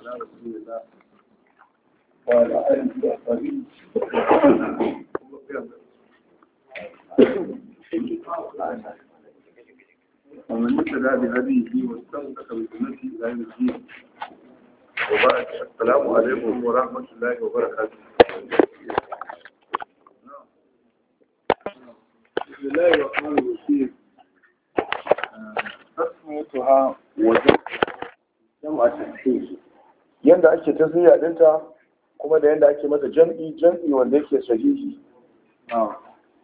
على رسول الله وعلى آله وصحبه ومن اتبع بهديه واستمسك بسنته الى يوم الدين وبارك السلام عليكم ورحمه الله وبركاته بسم الله الرحمن الرحيم آه، تسميتها وجود جمع التحقيق yanda ake tasniya dinta kuma da yanda ake mata jam'i jam'i wanda yake sahihi na'am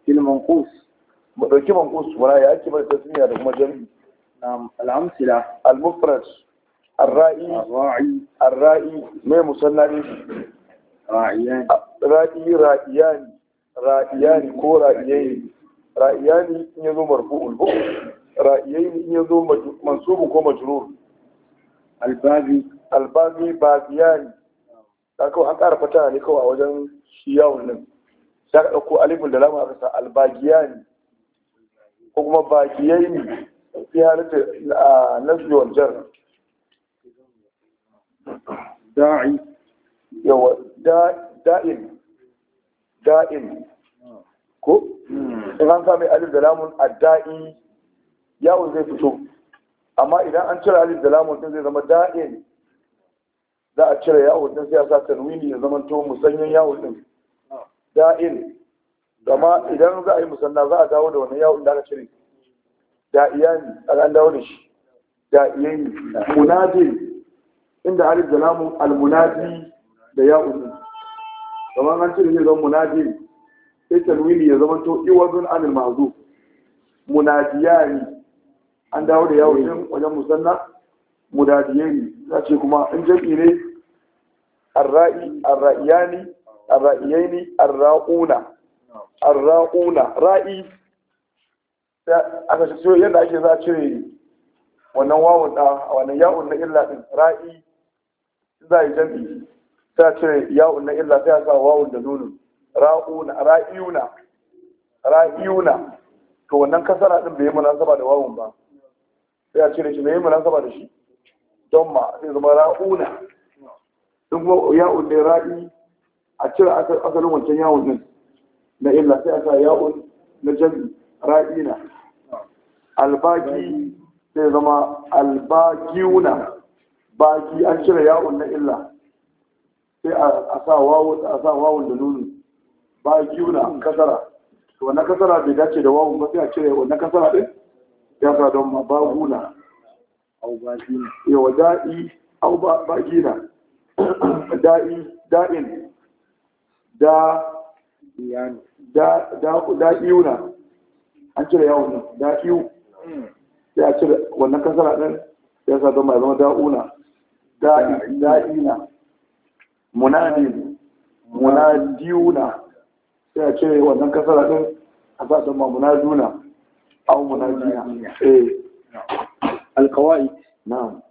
fil manqus mu dauki kus wala ya ake mata tasniya da kuma jam'i al'amsila al-amsila al-mufrad الرائي الراعي الرائي ما مسنى راعيان رائي رائيان رائيان in yazo marfu'ul albazi baziyani ta kawai an ƙara fata ne kawai a wajen shi yawon nan ta ka ɗauko alifin da lamun aka sa albagiyani ko kuma bagiyani fi halitta a nasu yawan jar da'i yawa da'in da'in ko in an sami alif da lamun a da'i yawon zai fito amma idan an cire alif da lamun din zai zama da'in za a cire yawon din sai a sa tanwini ya zama to musanyen yawon din da'in gama idan za a yi musanna za a dawo da wannan yawon da aka cire da'iyani an dawo da shi da'iyani munadi inda har da al-munadi da yawon din Gama an cire shi zama munadi sai tanwini ya zama to iwazun anil Munadiya munadiyani an dawo da yawon din wajen musanna mudadiyani za ce kuma in jam'i ne الرائي الرائيان الرائيين الراؤون الراؤون رائي aka so yadda ake za a cire wannan wawun da wannan ya'un na illa din ra'i za yi jam'i sai a cire ya'un na illa sai a sa wawun da nunun ra'una ra'iuna ra'iuna to wannan kasara din bai munasaba da wawun ba sai a cire shi bai munasaba da shi don ma sai zama ra'una in kuma ya'un ne ra'i a cire asalin wancan yawon din na illa sai a sa ya'un na jami na. albaki sai zama albakiuna baki an cire yawon na illa sai a sa wawon da nuni bakiuna kasara to wannan kasara bai dace da wawon ba sai a cire wannan kasara din ya sa don ma baguna au bakina yawa da'i au bakina da'in da da an cire yawon nan da hmm. sai a cire wannan kasara din ya sa don mai zama da'una da'i da'ina munadin munadiuna sai a cire wannan kasara din a sa don ma munaduna au munadina eh alqawaid na'am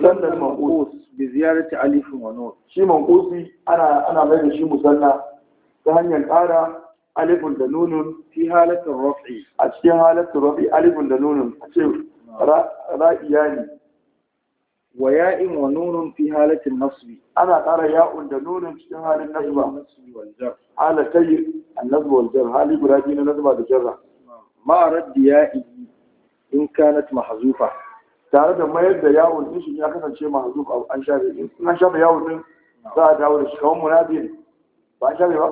musanna manqus bi ziyarati alifin wa nun shi manqusi ana ana mai da shi musanna ta hanyar ƙara alifin da nunun fi halatin rafi a cikin halatin rafi alifin da nunun a ce ra'iya ne. wa ya'in wa nunun fi halatin nasbi ana ƙara ya'un da nunun cikin halin nasba halatayi annasba wal jar hali guda biyu na nasba da jarra ma raddi ya'i in kanat mahzufa tare da mayar da yawon din shi ya kasance mahzuf an shafe in an shafe yawon din za a dawo da shi kawai munafiyin ba an shafe ba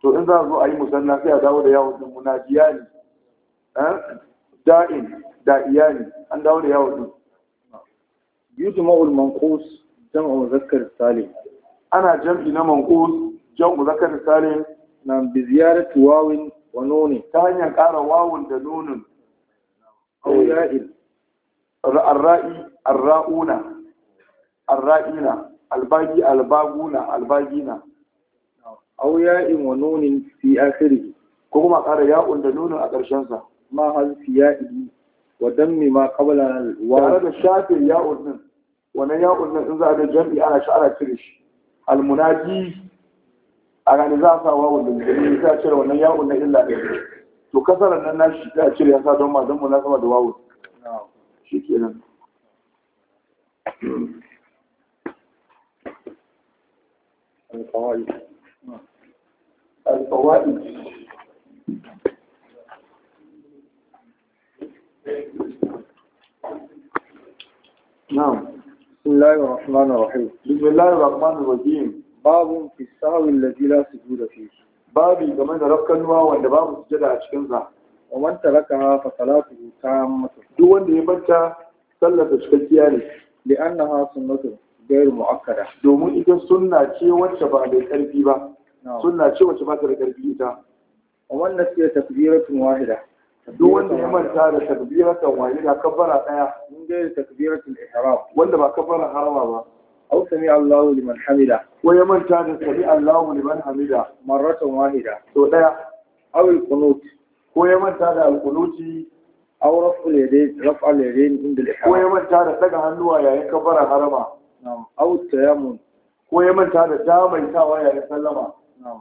to in za a zo a yi musanna sai a dawo da yawon din ne eh? da'in ne an dawo da yawon din ma'ul manqus jam'u muzakkar salim ana jam'i na manqus jam'u muzakkar salim na bi ziyarar wawin wa nunin ta hanyar ƙara wawun da nunin aw ya'il الرائي الراؤون الرائين الباقي الباقون الباقين أو ياء ونون في آخره كما قال ياء ونون أقرشنسا ما هذا في يائه ودم ما قبل الواو هذا الشافر ياء ونون وانا ياء ونون إنزا هذا جنبي أنا شعر ترش المناجي أنا نزاسا واو ونون إذا أشير وانا ياء ونون إلا to kasarar nan na shi ta cire ya sa don ma don munasaba da wawu shi kenan القواعد القواعد نعم بسم الله الرحمن الرحيم بسم الله الرحمن الرحيم باب في السهو الذي لا سجود فيه بابي كمان ركنوا وان باب سجد a ومن تركها فصلاته تامة duk wanda ya barta sallar da cikakkiya ne li'annaha sunnatu ghairu mu'akkada domin ita sunna ce wacce ba da karfi ba sunna ce wacce ba ta da karfi ita wannan ce takbiratun wahida duk wanda ya manta da takbiratan wahida kabbara daya mun ga takbiratul ihram wanda ba kabbara harama ba aw sami Allahu liman hamida ko ya manta da sami Allahu liman hamida marratan wahida to daya aw al-qunut ko ya manta da al-qunuti aw raf'ul yadayn raf'ul yadayn inda al-ihram ko ya manta da daga hannuwa yayin kafara harama na'am aw tayammun ko ya manta da damaitawa yayin sallama na'am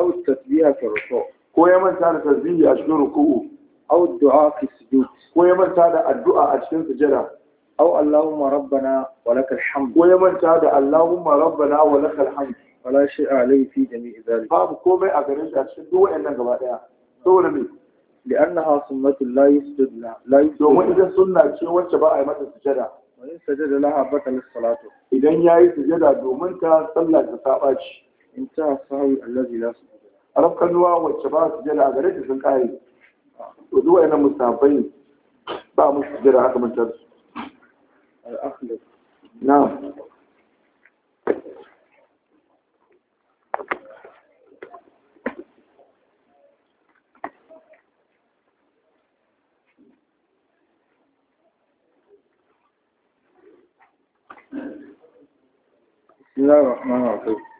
aw tasbiha fi ruku ko ya manta a cikin ruku'u aw du'a fi sujud ko da addu'a a cikin sujada aw allahumma rabbana wa lakal hamd ko da allahumma rabbana wa lakal hamd wala shay'a alayhi fi jami'i babu komai a garin shi a cikin gaba لأنها سنة لا يسجد لا يسجد domin ita suna ce wacce ba a yi mata sujada wa in sajada laha na salatu idan ya yi sujada domin ta sallah ta saba ci in ta sahi allazi la sujada arab kalwa wacce ba su sujada a gare ta sun kai to duk wayannan musabai ba mu sujada aka mutar al akhlaq na'am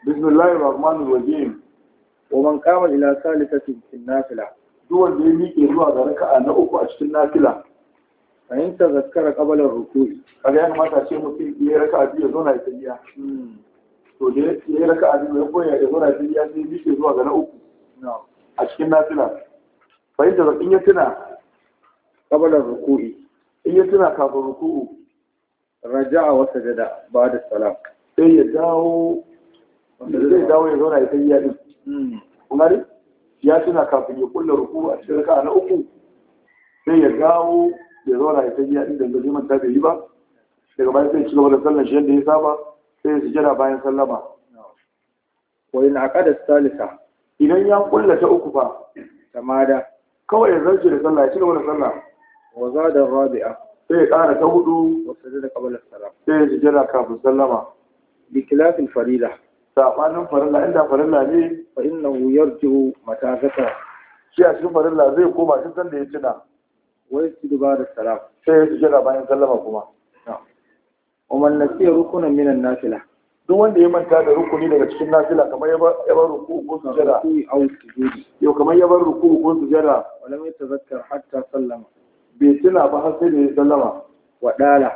بسم الله الرحمن الرحيم ومن قام إلى ثالثة في النافلة دول بيميك يزوى ذلك أن أكو أشت النافلة فإن تذكر قبل الركوع فلأن ما تشيء مثل يركع دي يزونا يتنيا to da ya raka a ya koya ya zura shi ya sai zuwa ga na a cikin nafila bai da in ya tuna kabalar ruku'i in tuna kafin ruku'u raja'a wa sajada ba da salam sai dawo ya zauna ya kai ya din kumari ya tuna kafin ya kulla ruku a cikin raka na uku sai ya dawo ya zauna ya kai ya din da zai manta bai yi ba daga bayan sai ci gaba da sallar shi yadda ya saba sai ya sujada bayan sallama na aka da salisa idan ya kulla ta uku fa tamada kawai ya zarce da sallah ya ci gaba da sallah wa zada rabi'a sai ya kara ta hudu wa sajada qabla salam sai ya sujada kafin sallama bikilafin الفريلة sabanin farilla inda farilla ne fa innahu yarji'u mata zakara shi a cikin zai koma duk sanda ya tuna wai su duba da salam sai ya sujada bayan sallama kuma umman nasiya minan nafila duk wanda ya manta da rukuni daga cikin nafila kamar ya bar ruku ko sujada yau kamar ya bar ruku ko sujada wala mai hatta sallama ba da ya sallama wadala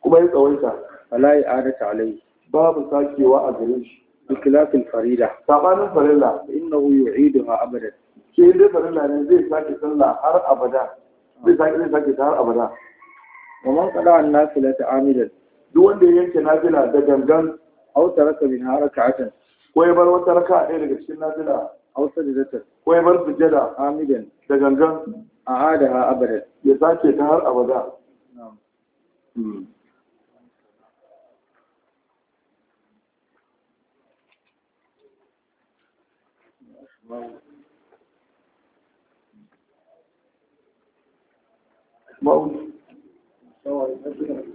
kuma ya tsawaita adata alai babu sakewa a gare shi bikilafin farida sabanin farilla innahu yu'iduha abadan ke inda farilla ne zai sake sallah har abada zai sake zai sake har abada wa man qada an nafila ta amidan duk wanda ya yanke nafila da gangan aw taraka min harakatan ko ya bar wata raka ɗaya daga cikin nafila aw sajdatan ko ya bar sujada amidan da gangan a ha abadan ya sake ta har abada na'am hmm. ma'un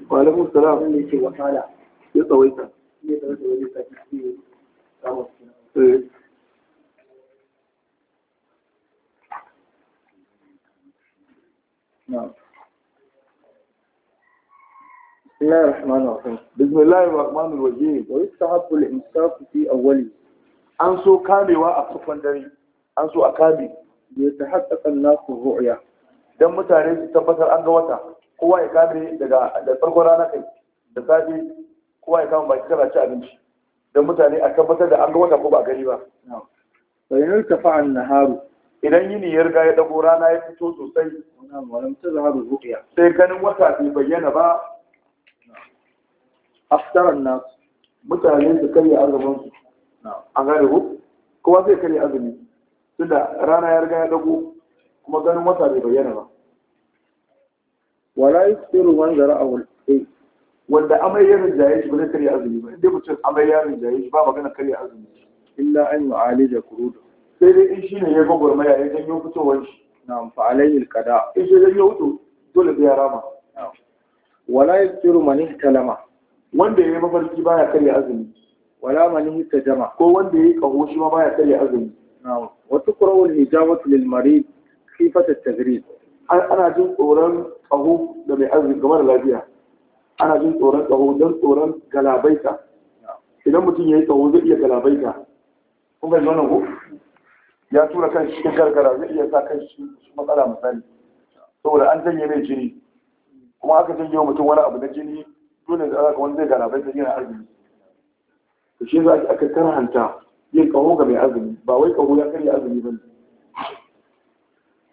walaikun salam ne ce wahala ya tsawaita ya tsawaita wani sati ne samun بسم الله الرحمن الرحيم بسم الله الرحمن الرحيم ويستحب الإمساك في an so kamewa a farkon dare an so a kame da ta haƙaƙa nasu ru'ya don mutane su tabbatar an ga wata kowa ya kame daga da farkon rana kai da safe kowa ya kama baki kana ci abinci don mutane a tabbatar da an ga wata ko ba gari ba bayan tafi fa'an naharu idan yini ya riga ya dago rana ya fito sosai sai ganin wata bai bayyana ba A aftaran nasu mutane su karya arzikin su an gane ko? kowa zai kare azumi tunda rana ya riga ya dago kuma ganin wata bai bayyana ba wala yusiru man a wal wanda amai ya ya shi ba zai karya azumi ba inda mutum amai ya ya shi ba magana karya azumi illa an yi alija kurudu sai dai in shine ya gogor maya ya janyo fitowar shi na fa alayhi alqada in shi janyo hutu, dole bai rama wala yusiru man kalama. wanda yi mafarki baya karya azumi wala hita jama. ko wanda yayi kaho shi ma baya tsare azumi na'am wa tukrahu al-ijabatu lil marid khifat at-taghrib ana jin tsoron kaho da mai azumi game da lafiya ana jin tsoron kaho don tsoron galabaita idan mutum yayi kaho zai iya galabaita kun bai wannan ko ya tura kan shi cikin gargara zai iya sa kan shi matsala misali saboda an janye mai jini kuma aka janye wa mutum wani abu na jini dole da aka wani zai galabaita yana azumi to shi a aka tarhanta yin kaho ga mai azumi ba wai kaho ya karya azumi ba ne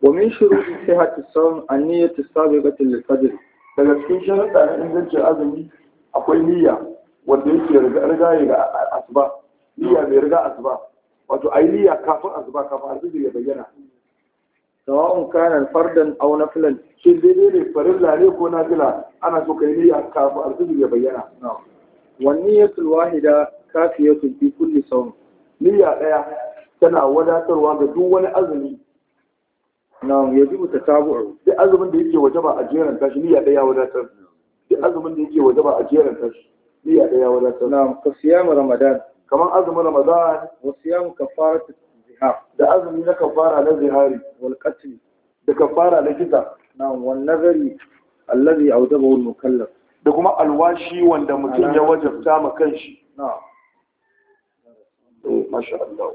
wa min shuruti sihhati sawm an-niyyatu sabiqatu lil-fajr daga cikin sharuɗa na ingancin azumi akwai niyya wanda yake riga ga asuba niyya mai riga asuba wato ai niyya kafin asuba kafin arziki ya bayyana sawa'un kana fardan aw nafilan shi daidai ne farilla ne ko nafila ana so kai niyya kafin arziki ya bayyana wanniyatul wahida kafiyatun fi kulli sawm niyya daya tana wadatarwa ga duk wani azumi na yajibu tatabu'u duk azumin da yake wajaba a jeran tashi niyya daya wadatar duk azumin da yake wajaba a jeran tashi niyya daya wadatar na ka siyamu ramadan kaman azumin ramadan wa siyamu kafarat zihar da azumi na kafara na zihari wal qatl da kafara na kisa na wan nazari alladhi awdabahu al mukallaf da kuma alwashi wanda mutum ya wajabta ma kanshi na'am eh masha Allah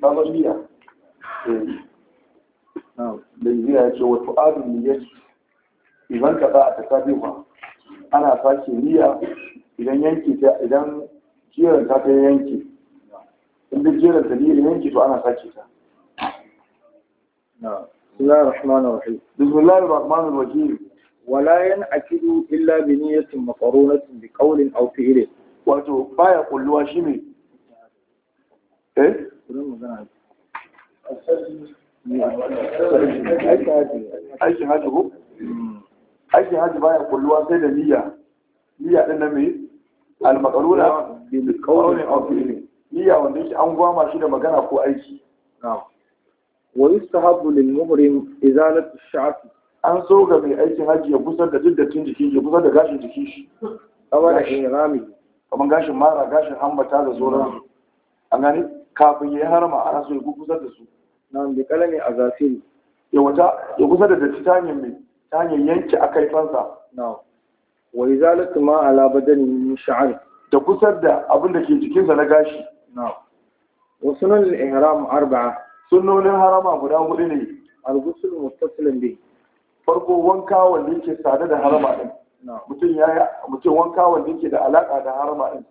sabon niyya da niyya ya ce wa tu'adun niyyar idan ka ba a tasabiwa ana sake niyya idan yanki ta idan jerin ta ta yanki in duk ta niyyar yanki to ana sake ta بسم الله الرحمن الرحيم بسم الله الرحمن الرحيم ولا ينعكد إلا بنية مقرونة بقول أو فعل wato baya kulluwa shi ne Eh? aikin hajji ko aikin hajji baya kulluwa sai da niyya niyya din nan me al-maqruna bil qawli aw fi'li niyya wanda yake an gwama shi da magana ko aiki wani su lil muhrim izalatu ash an so ga mai aikin hajji ya kusa da cin jikin ya kusa da gashin jikin shi Kama da rami kamar gashin mara gashin hambata da zoran an gani kafin ya harama ana so ya kusa da su na da ne a zafi ya wata ya kusa da datti ta hanyar mai ta hanyar yanke a kaifansa na wa izalatu ma ala badani min sha'ar da kusar da abin da ke jikinsa na gashi na wa sunan al-ihram arba'a sunnonin harama guda hudu ne al-ghusl muttasilin bi farko wanka wanda yake sada da harama din mutum ya mutum wanka wanda yake da alaka da harama din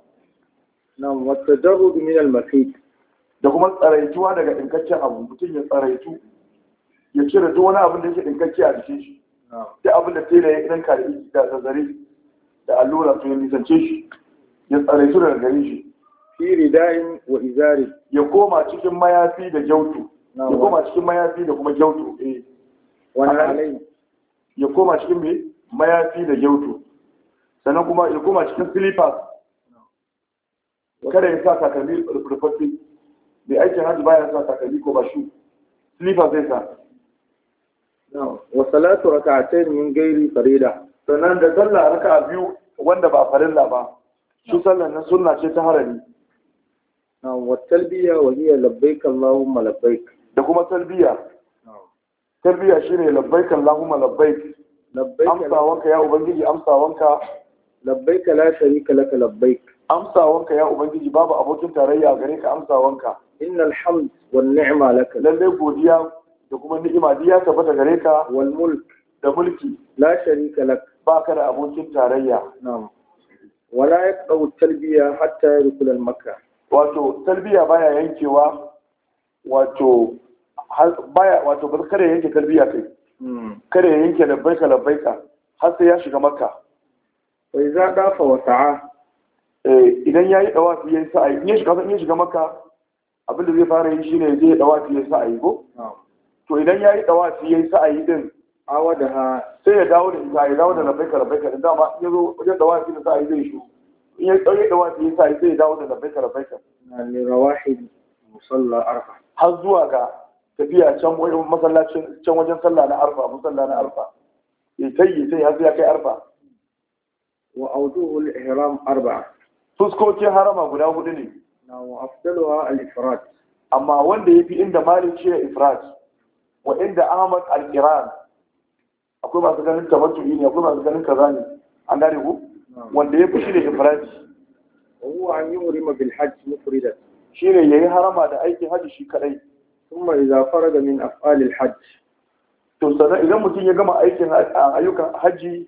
na wata tadarrud min al da kuma tsaraituwa daga ɗinkaccen abu mutum ya tsaraitu ya cire duk wani abin da yake ɗinkacce a jikin shi duk abin da tela ya ɗan da iki da zazzare da allura to ya nisance shi ya tsaraitu daga garin shi fi ridain wa izari ya koma cikin mayafi da jautu ya koma cikin mayafi da kuma jautu eh wani alai ya koma cikin me mayafi da jautu sannan kuma ya koma cikin slippers kada ya sa takalmi rufaffe mai aikin hajji baya sa takalmi ko ba shu slifa zai sa wa salatu raka'atayn min ghairi farida sannan da sallah raka'a biyu wanda ba farilla ba su sallar na sunna ce ta harami wa talbiya wa hiya labbaik allahumma labbaik da kuma talbiya talbiya shine labbaik allahumma labbaik labbaik amsa wanka ya ubangiji amsa wanka labbaik la sharika laka labbaik amsawanka ya ubangiji babu abokin tarayya gare ka amsawanka innal hamd wan ni'ma laka lalle godiya da kuma ni'ima diya tabbata gare ka wal mulk da mulki la sharika lak ka da abokin tarayya na'am wala yaqdu talbiya hatta yadkhul al makka wato talbiya baya yankewa wato baya wato ba kare yanke talbiya kai hmm. kare yanke labbaika labbaika har sai ya shiga makka wa idza dafa wa sa'a Eh, idan ya yi dawafi ya yi sa'ayi in ya shiga in shiga maka abin da zai fara yi shine zai dawafi ya yi sa'ayi go? to idan ya yi dawafi ya yi sa'ayi din awa da ha sai ya dawo da ita ya dawo da labbaika labbaika din dama ya zo wajen dawafi da sa'ayi zai shi in ya tsaye dawafi ya yi sa'ayi sai ya dawo da labbaika labbaika na lirawahid musalla arfa har zuwa ga tafiya can wajen masallacin can wajen sallah na arfa musalla na arfa ya tayi sai har ya kai arfa wa auduhu al-ihram arba'a fuskokin harama guda hudu ne wa afdaluha al amma wanda ya fi inda malik shi ifrat wa inda ahmad al iran akwai masu ganin tabattu'i ne akwai masu ganin kaza ne an gane ku wanda yafi shi ne ifrat huwa an yumrima bil hajj mufridan shine yayi harama da aikin hajji shi kadai thumma idza farada min af'al al-hajj to sannan idan mutum ya gama aikin ayyukan haji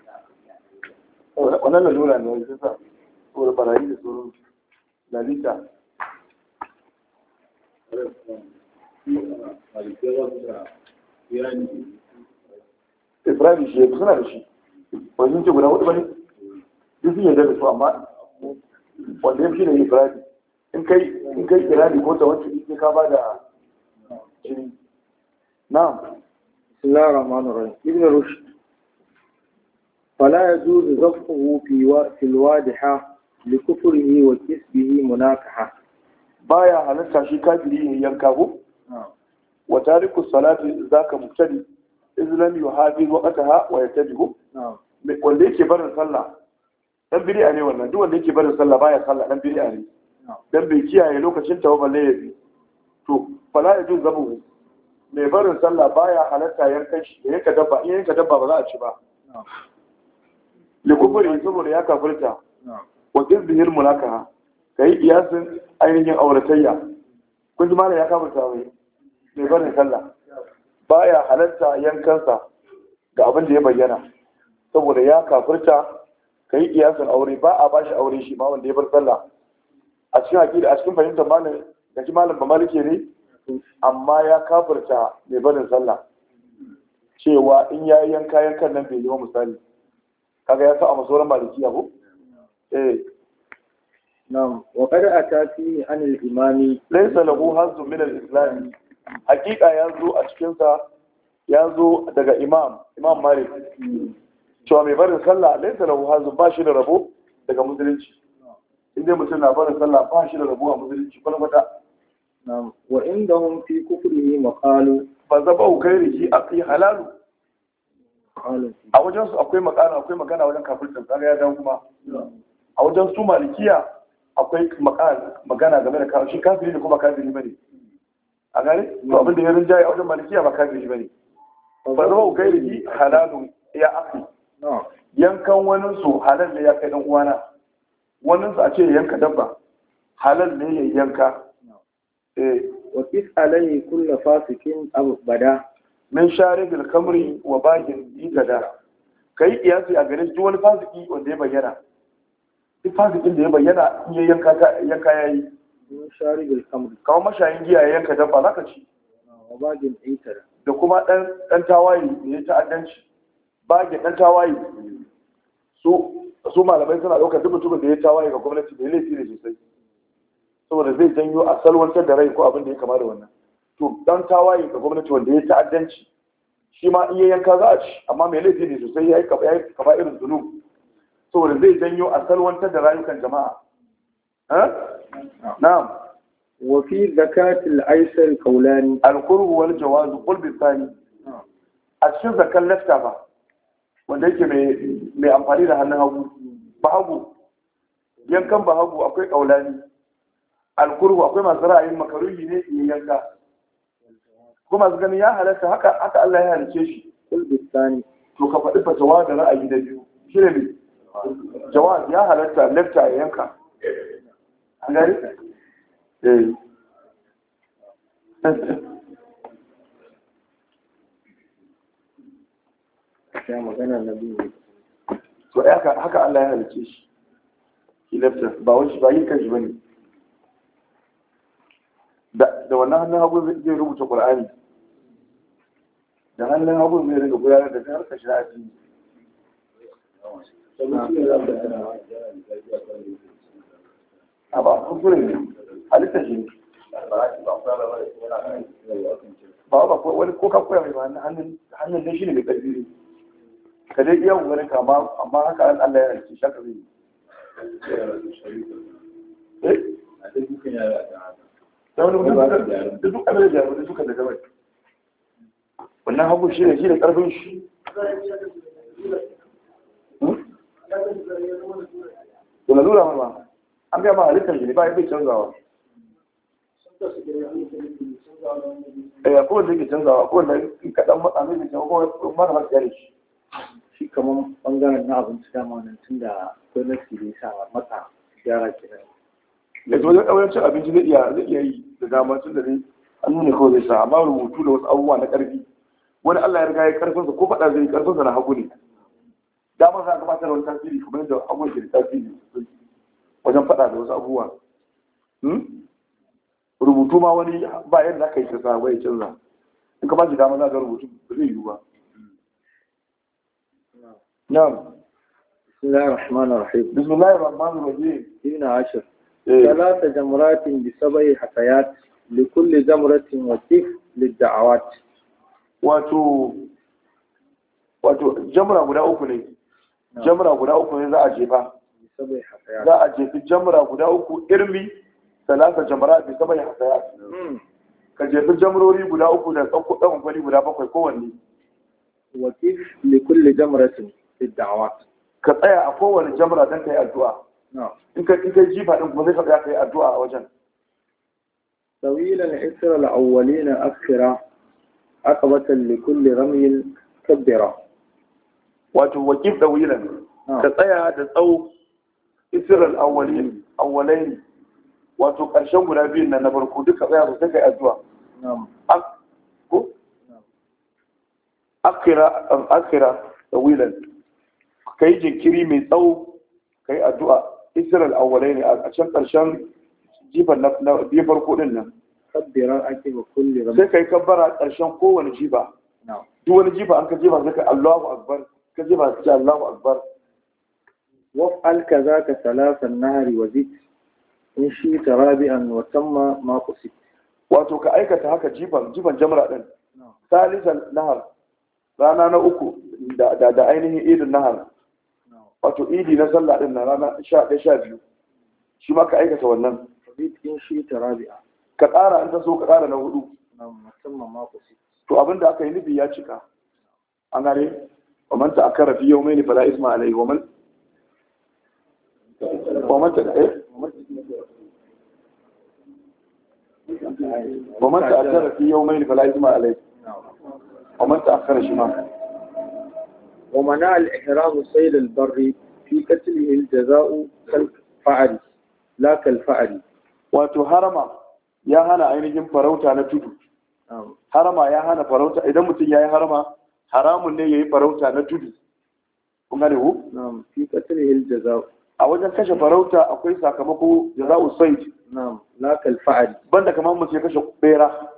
wannan lalura ne wani sassa saboda barayi da tsoron lalita Ibrahim shi suna da shi, wani ce guda hudu ba ne? Duk sun yadda da su amma wanda ya fi ne Ibrahim. In kai in kai ko ta wancan ne ka ba da jini. Na'am. Bismillahir Rahmanir Rahim. Rushd فلا يجوز زفه في في الوادحة لكفره وكسبه مناكحة بايا هلتا شي كافري ينكابو وتارك الصلاة ذاك مبتدي إذ لم يحافظ وقتها ويتجه wanda yake barin sallah dan bid'a ne wannan duk wanda yake barin sallah baya sallah dan bid'a ne dan bai kiyaye lokacin ta ba ya bi to fala yajuz zabu mai barin sallah baya halatta yankan shi yanka dabba in yanka dabba ba za a ci ba da saboda ya kafirta wa izbihir ka kai iyasin ainihin auratayya kun ji malam ya kafirta mai mai barin sallah baya halatta yankansa ga abin da ya bayyana saboda ya kafirta kai iyasin aure ba a bashi aure shi ma wanda ya bar sallah a cikin aqida a cikin fahimtar malam ga shi malam ba malike ne amma ya kafirta mai barin sallah cewa in ya yanka yankan nan bai yi wa misali kaga ya sa a masoran malikiya abu eh na'am wa kada atati an al-imami laysa lahu hazzu min al-islam hakika zo a cikin sa zo daga imam imam malik cewa mai barin sallah laysa lahu hazzu ba shi da rabo daga musulunci inda mutum na barin sallah ba shi da rabo a musulunci kwata-kwata na'am wa indahum fi kufrihi maqalu fa zabahu khairihi aqi halalu a wajen su akwai magana akwai magana wajen kafircin kaga ya dan kuma a wajen su malikiya akwai magana game da kafirci kafiri ne kuma kafiri bane a gare to abin da ya rinjaye a wajen malikiya ba kafiri bane ba zama gairihi halalun ya afi yankan wanin su halal ne ya kai dan uwana wanin su a ce yanka dabba halal ne ya yanka eh wa fasikin abada min sharibil kamri wa bagin igada kai kiyasi a gare duk wani fasiki wanda ya bayyana duk fasikin da ya bayyana in ya yanka yanka yayi min sharibil kamri kawo mashayin giya ya yanka dabba zaka ci wa bagin itar da kuma dan dan tawaye ne ya ta'addanci bagin dan tawaye su su malamai suna ɗaukar duk mutumin da ya tawaye ga gwamnati da ya laifi ne sosai saboda zai janyo a salwantar da rai ko abin da ya kama da wannan to dan tawaye ga gwamnati wanda ya ta'addanci shi ma iya yanka za a ci amma mai laifi ne sosai ya yi kaba irin zunu saboda zai janyo a salwantar da rayukan jama'a eh? na'am wa fi zakatil aisar kaulani alqurbu wal jawazu qul bi thani a cikin zakar lafta ba wanda yake mai amfani da hannun hagu bahagu yankan bahagu akwai kaulani alqurbu akwai masu ra'ayin makaruhi ne yanka kuma masu ganin ya halatta haka aka Allah ya halice shi kulbistani to ka faɗi jawab da ra'ayi da biyu shine ne jawab ya halatta lafta ya yanka gari eh ya magana na to haka Allah ya halice shi shi lafta ba wani ba yin kanshi bane da wannan hannun hagu zai rubuta Qur'ani da hannun hagu mai rage gudanar da harkar sha'afi a ba a kusurin ne halitta shi ba ba wani ko ka koya mai ba hannun da shi ne mai ƙarfi ne ka dai iya wani kama amma haka an allah ya rike shaka zai yi da wani mutum da duk abin da jaru da duka da gabata wannan hagu shi ne shi da ƙarfin shi da na zura ma an biya ma halittar shi ne ba ya bai canzawa eh ko da yake canzawa ko da kaɗan matsa da canzawa ko mara masu yare shi shi kamar ɓangaren na abinci da nan tun da gwamnati bai sa matsa gyara kenan da eh, zo wajen ɗaure cin abinci zai iya yi da dama tun da an nuna kawai zai sa amma rubutu da wasu abubuwa na ƙarfi wani Allah ya riga ya karfin sa ko faɗa zai karfin sa na hagu ne dama za ka bata da wani tasiri kuma yadda abubuwan ke da tasiri wajen faɗa da wasu abubuwa hmm? rubutu ma wani ba yadda aka yi kasa ya canza in ka ba shi dama za ka rubutu ba zai yiwu ba na'am بسم الله الرحمن الرحيم بسم الله الرحمن الرحيم ثلاث جمرات بسبع حكايات لكل جمرة وكيف للدعوات wato wato jamra guda uku ne jamra guda uku ne za a jefa za a jefi jamra guda uku irmi salasa jamra bi sabai hasaya. Hmm. ka jefi jamrori guda uku da tsakko dan gwani guda bakwai kowanne wakif li kulli jamratin bid'awat ka tsaya a kowane jamra dan kai addu'a in ka kai jifa din kuma sai ka tsaya kai addu'a a wajen tawilan isra al-awwalina akthara aqabatan li kulli ramyin kabbira wato waqif dawilan ah. ka tsaya da tsawo isral awwalin awwalain wato karshen guda biyun nan na farko duka tsaya sosai kai addu'a akira akira dawilan kai jinkiri mai tsawo kai addu'a isral awwalain a can karshen jifan na farko kabbira ake wa kulli rama sai kai kabbara ƙarshen kowane jifa duk wani jifa an ka jefa sai ka Allahu akbar ka jefa sai ka Allahu akbar waf'al kazaka salasan nahari wa zid in shi ta rabi'an wa tamma ma qusit wato ka aikata haka jifan jifan jamra din salisan nahar rana na uku da da ainihin idin nahar wato idi na sallah din na rana 11 12 shi ma ka aikata wannan in shi ta rabi'a ka ƙara an ta so ka ƙara na hudu to abin da aka yi nufi ya cika an gane wa man ta akara fi yau mai fala isma alai wa man wa man ta eh wa man ta akara fi yau mai fala isma alai wa man ta akara shi ma ومنع الإحرام سيل البر في قتله الجزاء كالفعل ya hana ainihin farauta na tudu harama ya hana farauta idan mutum ya yi harama haramun ne ya yi farauta na tudu kun gane ku? a wajen kashe farauta akwai sakamako da sayd na'am la kal fa'al banda kamar mutum ya kashe bera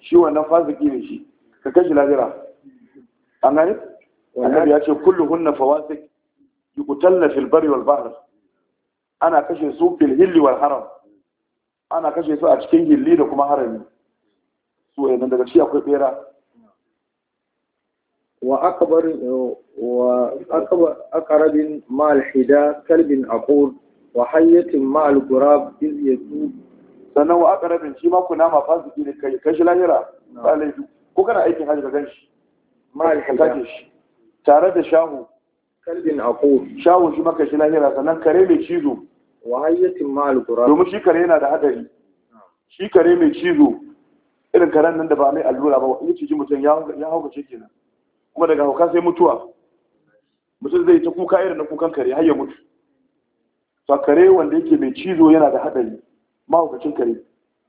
shi wannan fasiki ne shi ka kashe labira an gane annabi ya ce kulluhunna fawasik yuqtalna fil barri wal bahr ana kashe su fil hilli wal haram ana kashe su a cikin gilli da kuma harami su wayannan daga shi akwai bera wa akbar wa akbar aqrabin hida kalbin aqul wa hayyatin ma'al al-gurab iz yadu sannan wa aqrabin shi ma kuna ma fasu ne kai kashi lahira ba laifi ko kana aikin hajji ka ganshi ma al-hida tare da shahu kalbin aqul shahu shi maka shi lahira sannan kare mai cizo wa hayyatin ma alqur'an domin shi kare yana da hadari shi kare mai cizo irin karen nan da ba mai allura ba in ciji mutum ya hauka ce kenan kuma daga hauka sai mutuwa mutum zai ta kuka irin na kukan kare har ya mutu to kare wanda yake mai cizo yana da hadari mahaukacin kare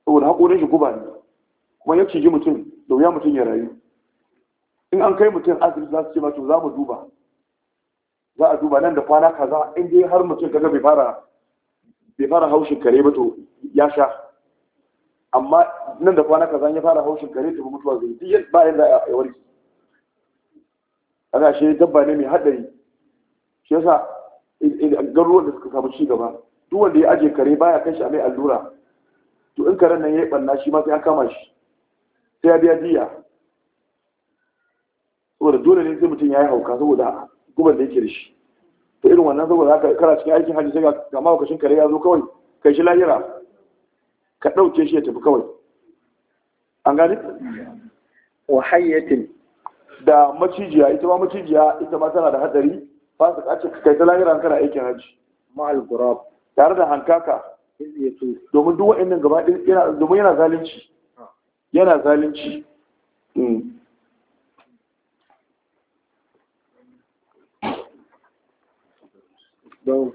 saboda haƙorin shi guba ne kuma ya ciji mutum da wuya mutum ya rayu in an kai mutum asibiti za su ce ma to za mu duba za a duba nan da kwana kaza in dai har mutum kaga bai fara bai fara haushin kare ba to ya sha amma nan da kwana kaza ya fara haushin kare ta mutuwa zai yi ba yadda ya warke ana shi dabba ne mai haɗari shi yasa garuruwan da suka samu cigaba duk wanda ya aje kare baya kai shi a mai allura to in karen nan ya yi ɓanna shi ma sai an kama shi sai ya biya diya saboda dole ne sai mutum ya yi hauka saboda gubar da yake da shi ta irin wannan saboda haka kana cikin aikin hajji sai ga mawakashin kare ya zo kawai kai shi lahira ka ɗauke shi ya tafi kawai an gani wa hayyatin da macijiya ita ma macijiya ita ma tana da hadari ba ka kace kai ta lahira kana aikin hajji ma'al gurab tare da hankaka domin duk wa'annan gaba domin yana zalunci ah. yana zalunci hmm. don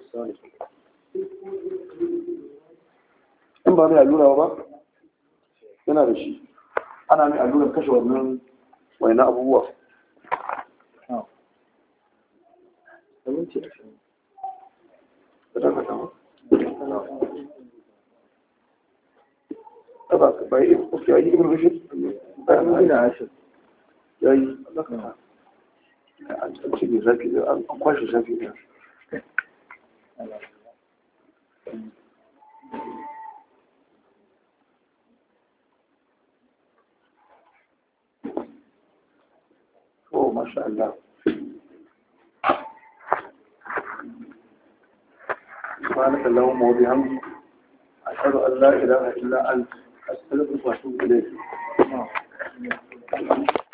in ba mai allura ba yana da shi ana mai allurar kashe wannan wani na abubuwa ya yi an kwashe zafi ما شاء الله سبحانك اللهم وبحمدك أشهد أن لا إله إلا أنت أستغفرك وأتوب إليك